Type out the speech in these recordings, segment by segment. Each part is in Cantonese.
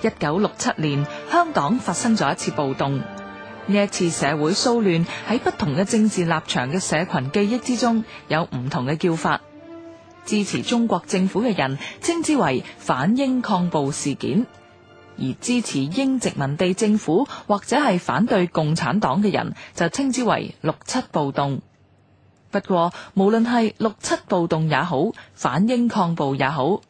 一九六七年，香港發生咗一次暴動。呢一次社會騷亂喺不同嘅政治立場嘅社群記憶之中，有唔同嘅叫法。支持中國政府嘅人稱之為反英抗暴事件，而支持英殖民地政府或者係反對共產黨嘅人就稱之為六七暴動。不過，無論係六七暴動也好，反英抗暴也好。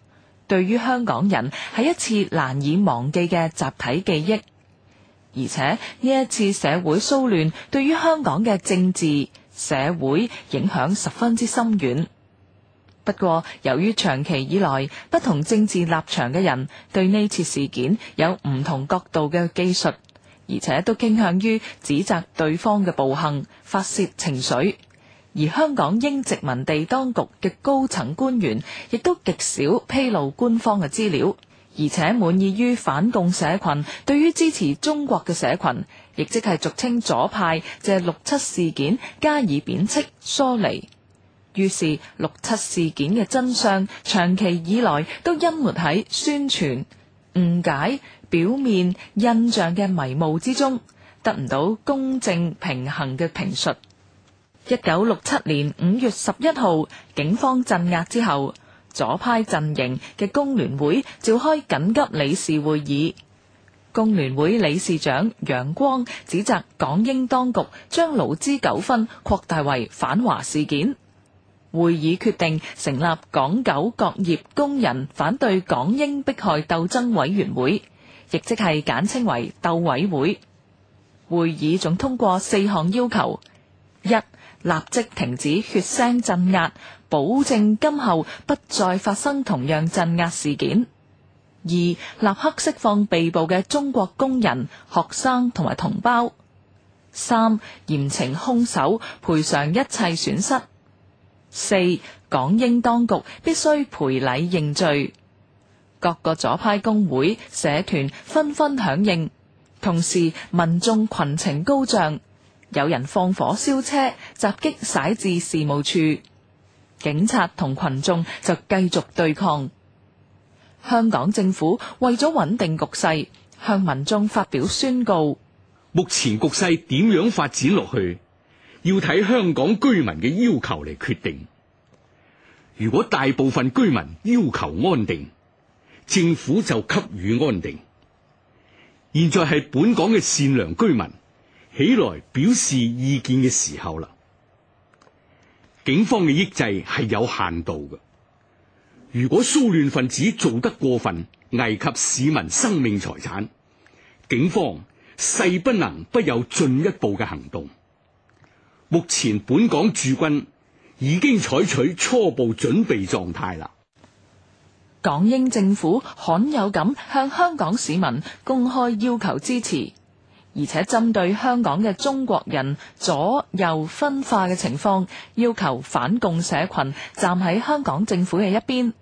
對於香港人係一次難以忘記嘅集體記憶，而且呢一次社會騷亂對於香港嘅政治社會影響十分之深遠。不過，由於長期以來不同政治立場嘅人對呢次事件有唔同角度嘅記述，而且都傾向於指責對方嘅暴行，發泄情緒。而香港英殖民地當局嘅高層官員亦都極少披露官方嘅資料，而且滿意於反共社群對於支持中國嘅社群亦即係俗稱左派，借六七事件加以貶斥疏離。於是六七事件嘅真相長期以來都湮沒喺宣傳誤解表面印象嘅迷霧之中，得唔到公正平衡嘅評述。1967年5月11號，警方鎮壓之後，左派陣營嘅工聯會召開緊急理事會議。工聯會理事長楊光指責港英當局將勞資糾紛擴大為反華事件。會議決定成立港九各業工人反對港英迫害鬥爭委員會，亦即係簡稱為鬥委會。會議仲通過四項要求，一。立即停止血腥鎮壓，保證今後不再發生同樣鎮壓事件；二、立刻釋放被捕嘅中國工人、學生同埋同胞；三、嚴懲兇手，賠償一切損失；四、港英當局必須賠禮認罪。各個左派工會社團紛紛響應，同時民眾群情高漲，有人放火燒車。襲擊徙置事務處，警察同群眾就繼續對抗。香港政府為咗穩定局勢，向民眾發表宣告：目前局勢點樣發展落去，要睇香港居民嘅要求嚟決定。如果大部分居民要求安定，政府就給予安定。現在係本港嘅善良居民起來表示意見嘅時候啦。警方嘅抑制係有限度嘅，如果騷亂分子做得過分，危及市民生命財產，警方勢不能不有進一步嘅行動。目前本港駐軍已經採取初步準備狀態啦。港英政府罕有咁向香港市民公開要求支持。而且針對香港嘅中國人左右分化嘅情況，要求反共社群站喺香港政府嘅一邊。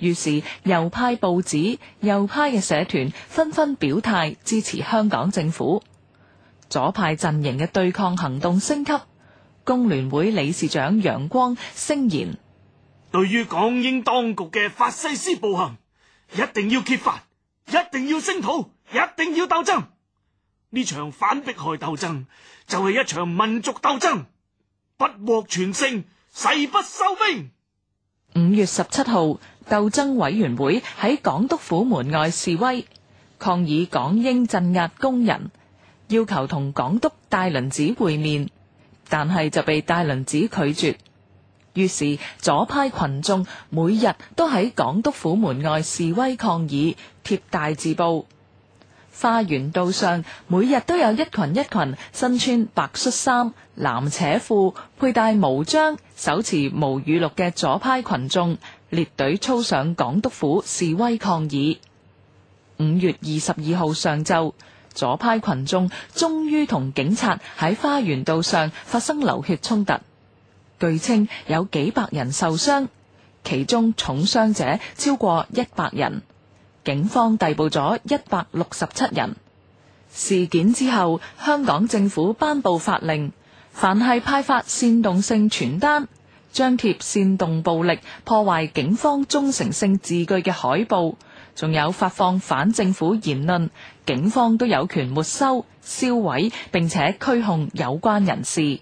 於是右派報紙、右派嘅社團紛紛表態支持香港政府。左派陣營嘅對抗行動升級，工聯會理事長楊光聲言：對於港英當局嘅法西斯暴行，一定要揭發，一定要聲討，一定要鬥爭。呢場反迫害鬥爭就係一場民族鬥爭，不獲全勝，誓不收兵。五月十七號，鬥爭委員會喺港督府門外示威，抗議港英鎮壓工人，要求同港督戴麟趾會面，但係就被戴麟趾拒絕。於是左派群眾每日都喺港督府門外示威抗議，貼大字報。花園道上每日都有一群一群身穿白恤衫、藍扯褲、佩戴毛章、手持毛語錄嘅左派群眾列隊操上港督府示威抗議。五月二十二號上晝，左派群眾終於同警察喺花園道上發生流血衝突，據稱有幾百人受傷，其中重傷者超過一百人。警方逮捕咗一百六十七人。事件之後，香港政府頒布法令，凡係派發煽動性傳單、張貼煽動暴力、破壞警方忠誠性字句嘅海報，仲有發放反政府言論，警方都有權沒收、銷毀，並且拘控有關人士。